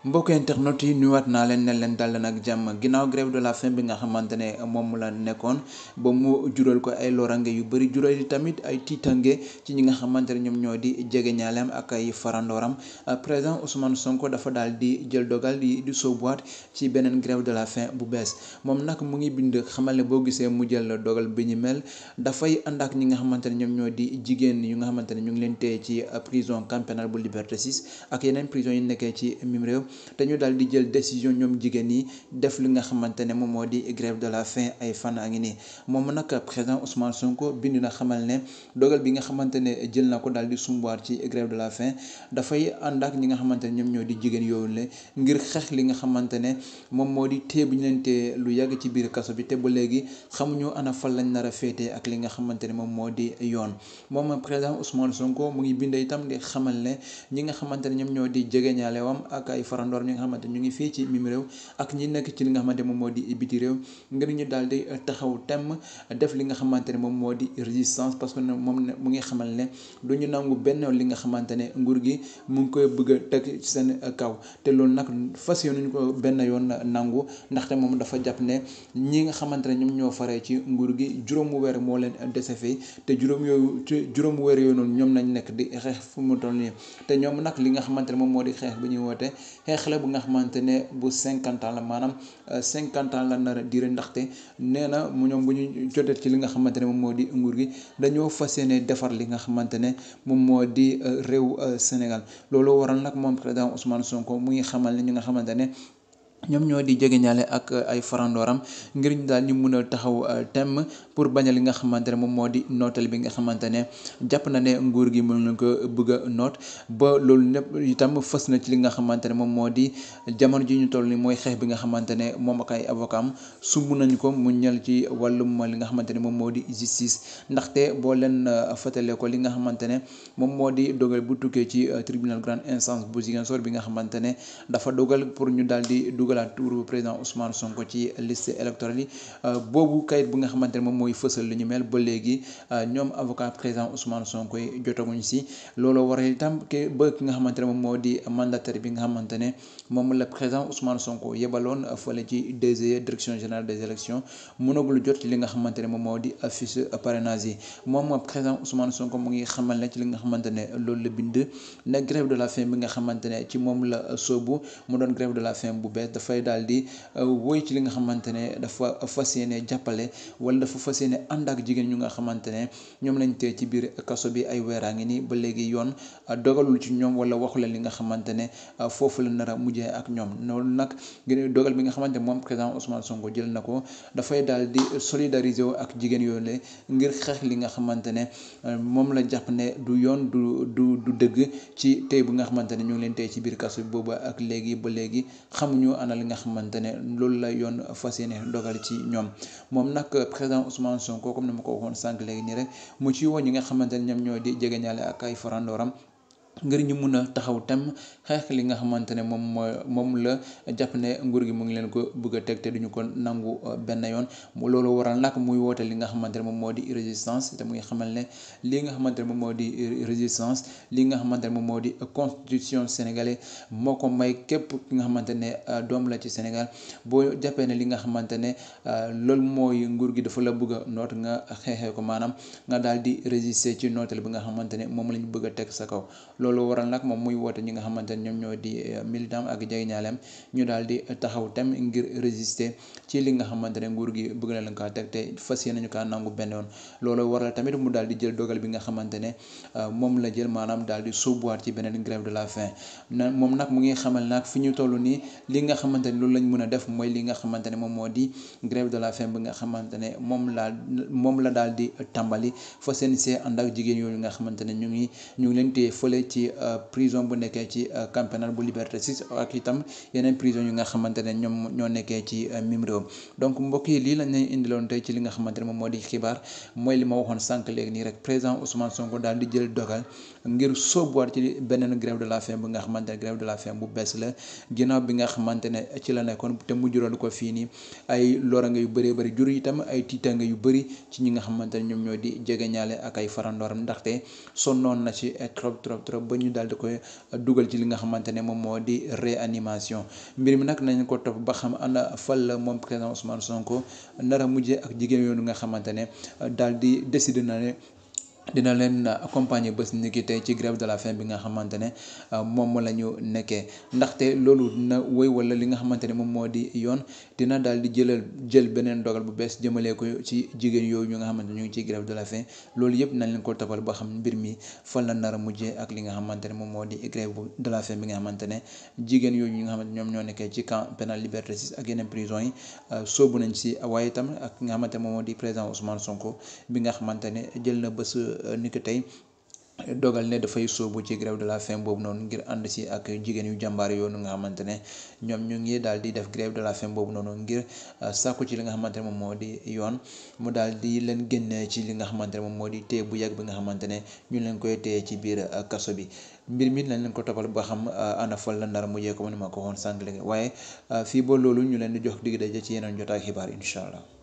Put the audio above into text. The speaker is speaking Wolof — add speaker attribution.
Speaker 1: mbokk internet yi nuyuwaat naa leen ne leen dal nag jàmm ginnaaw grève de la faim bi nga xamante ne moom la nekkoon ba mu jural ko ay lorange yu bëri jural yi tamit ay tiitange ci ñi nga xamante ne ñoom ñoo di jegeñaaleem ak ay farandooram président Ousmane Sonko dafa daal di jël dogal di di soobuwaat ci beneen grève de la faim bu bees moom nag mu ngi bind xamal ne boo gisee mu jël dogal bi ñu mel dafay ànd ak ñi nga xamante ne ñoom ñoo di jigéen yu nga xamante ne ñu ngi leen téye ci prison camp bu Liberté 6 ak yeneen prison yi nekkee ci mim réew dañu daal di jël décision ñoom jigéen ñi def li nga xamante ne moom moo di grève de la faim ay fan a ngi nii moom nag président Ousmane Sonko bind ne dogal bi na ko daal di sumbaar ci grève de la faim dafay ànd ak ñi nga xamante ne ñoom ñoo di jigéen yooyu la ngir xeex li nga xamante ne moom moo di téye bu ñu leen téye lu yàgg ci biir kaso bi te ba léegi xamuñu ana fan lañ nar a ak li nga xamante ne moom moo di yoon moom président Ousmane Sonko mu ngi bind itam di xamal ne ñi nga xamante ñoom ñoo di jegeñaale ak ay warandoor ñi nga xamante fii ci mim réew ak nekk ci li nga xamante moom moo di biti réew ngir ñu daal di euh, taxaw temm def li nga xamante ne moom moo di résistance parce que moom ne mu ngi xamal ne du ñu nangu benn li nga xamante ne nguur gi mu ngi koy bëgg a teg ci seen kaw te loolu nag fas yéenuñ ko benn yoon nangu ndaxte moom dafa jàpp ne ñi nga xamante ne ñoom ñoo faree ci nguur gi juróomu weer moo leen dese fii te juróom yooyu ci juróom weer yooyu noonu ñoom nañ nekk di xeex fu mu toll nii te ñoom nag li nga xamante moom moo di xeex bi ñuy woote xeex la bu nga xamante ne bu cinquante la maanaam euh, cinquante ans la nar a diire ndaxte nee na mu ñoom bu ñu jotee ci li nga xamante ne moom moo di nguur gi dañoo fas yéene defar li nga xamante ne moom moo di euh, réew euh, Sénégal loolu waral nag moom président Ousmane Sonko mu ngi xamal ne ñi nga xamante ne ñoom ñoo di jegeñaale ak eh, ay farandooram ngir ñu daal ñu mun taxaw eh, temm pour bañ a li nga xamante ne moom moo di nootal bi nga xamante ne jàpp na ne nguur gi mën na ko bëgg noot ba loolu lépp itam fës na ci li nga xamante ne moom moo di jamono ji ñu toll ni mooy xeex bi nga xamante ne moom ak ay avocat am ko mu ñal ci wàllum li nga xamante ne moom moo di justice ndaxte boo leen eh, fëtale ko li nga xamante ne moom moo di dogal bu tukkee ci tribunal grande instance bu Ziguinchor bi nga xamante ne dafa dogal pour ñu daal di dugalaat tuuru président Ousmane Sonko ci liste électorale yi euh, boobu kayit bu nga xamante moom mooy fësal li mel ba léegi euh, ñoom avocat président Ousmane Sonko yi jotaguñ si loolu war itam ke ba ki nga xamante moom moo di mandataire bi nga xamante ne moom la président Ousmane Sonko yebaloon euh, fële ci DGE direction générale des élections mënagul li nga xamante ne moom moo di président Ousmane Sonko mu ngi xamal ne ci li nga xamante ne loolu la bind na grève de la faim bi nga xamante ci moom la soobu mu doon grève de la faim bu bees dafay daal di euh, woy ci li nga xamante ne dafa fas yéene jàppale wala dafa fas yéene ànd ak jigéen ñu nga xamante ne ñoom lañ tee ci biir kaso bi ay weeraa ngi nii ba léegi yoon euh, dogalul ci ñoom wala waxu leen li nga xamante ne euh, foofu la nar a mujjee ak ñoom noonu nag ngeen dogal bi nga xamante ne moom président Ousmane Sonko jël na ko dafay daal di solidariser wu ak jigéen yooyu la ngir xeex li nga xamante ne moom la jàpp ne du yoon du du du dëgg ci tey bu nga xamante ne ñu ngi ci biir kaso bi boobu ak léegi ba léegi xamuñu ana li nga xamante ne loolu lay yoon fas yéene dogal ci ñoom moom nag président Ousmane Sonko comme ni ma ko waxoon sànq léegi nii rek mu ci woo ñi nga xamante ne ñoom ñoo di jege jegeñaale ak ay farandooram ngir ñu mun a taxaw tam xeex li nga xamante ne moom mooy moom la jàpp ne nguur gi mu ngi leen ko bëgg a teg te duñu ko nangu euh, benn yoon loolu waral nag muy woote li nga xamante ne moom moo di résistance te muy xamal ne li nga xamante ne moom moo di résistance li nga xamante ne moo di constitution sénégalais moo ko may képp nga xamante ne euh, doom la ci Sénégal boo jàppee ne li nga xamante ne euh, loolu mooy nguur gi dafa la bëgg noot nga xeexee ko maanaam nga daal di résister ci nooteel bi nga xamante ne moom la ñu bëgg a teg sa kaw loolu waral nag moom muy woote ñi nga xamante ne ñoom ñoo di eh, militant ak jegeñaaleem ñu daal di taxaw tem ngir résister ci li nga xamante ne nguur gi bëgg na leen kaa teg te fas yéene nañu kaa nangu benn yoon loolu waral tamit mu daal di jël dogal bi nga xamante ne eh, moom la jël maanaam daal di suubuwaat ci beneen grève de la faim na moom nag mu ngi xamal nag fi ñu toll nii li nga xamante ne loolu lañ mën a def mooy li nga xamante ne moom moo di grève de la faim bi nga xamante ne moom laa moom la daal di tàmbali fa seen see ànd ak jigéen yooyu nga xamante ñu ngi ñu ngi leen téye fële ci ci euh, prison bu nekkee ci euh, camp pénal bu Liberté 6 ak itam yeneen prison yu nga xamante ñoom ñoo nekkee ci euh, mim donc mbokk yi lii lañ indiloon tey ci li nga xamante moom moo di xibaar mooy li ma waxoon sànq léegi nii jël dogal ngir sóobuwaat ci beneen grève de la faim bu nga xamante ne grève de la faim bu bees la ginnaaw bi nga xamante ne ci la nekkoon te mu juróon ko fii nii ay lorange yu bëree bëri jur itam ay tiitange yu bëri ci ñi nga xamante ne ñoom ñoo di jegeñaale ak ay farandoram ndaxte sonnoon na ci eh, ba ñu daal di koy dugal ci li nga xamante ne moom moo di réanimation mbir mi nag nañ ko topp ba xam ana fal la moom président Ousmane Sonko nara mujjee ak jigéen yoonu nga xamante ne daal di décider na ne dina leen accompagner bés ni ki tey ci grève de la faim bi nga xamante ne euh, moom la ñu nekkee wala li nga xamante ne moom moo di yoon dina daal di jëlal jël beneen dogal bu bees jëmalee ko ci jigéen yooyu ñu nga xamante ñu ngi ci grève de la faim loolu yëpp nañ leen ko toppal ba xam mbir mi fan la nar a mujjee ak li nga xamante ne moom moo di grève de la bi nga xamante ne jigéen yooyu ñu nga xamante ñoom ñoo nekkee ci camp pénal liberté 6 ak yeneen prison yi euh, soobu nañ si waaye itam ak nga xamante moom moo di président Ousmane Sonko bi nga xamante ne jël na bés Euh, ni ko tey dogal ne dafay sóobu ci grève de la fin boobu noonu ngir ànd si ak jigéen yu jàmbaar yoonu nga xamante ne ñoom ñu ngi daal di def grève de la faim boobu noonu ngir euh, sàkku ci li nga xamante ne moom moo di yoon mu daal di leen génnee ci li nga xamante ne moom moo di téye bu yàgg bi nga xamante ne ñu leen koy téye ci biir euh, kaso bi mbir mi lañ leen ko toppal ba xam ana fal la ndar mujjee ko ma ni ma ko waxoon sànq waaye fii ba loolu ñu leen di jox di daje ci yeneen jotaay xibaar incha allah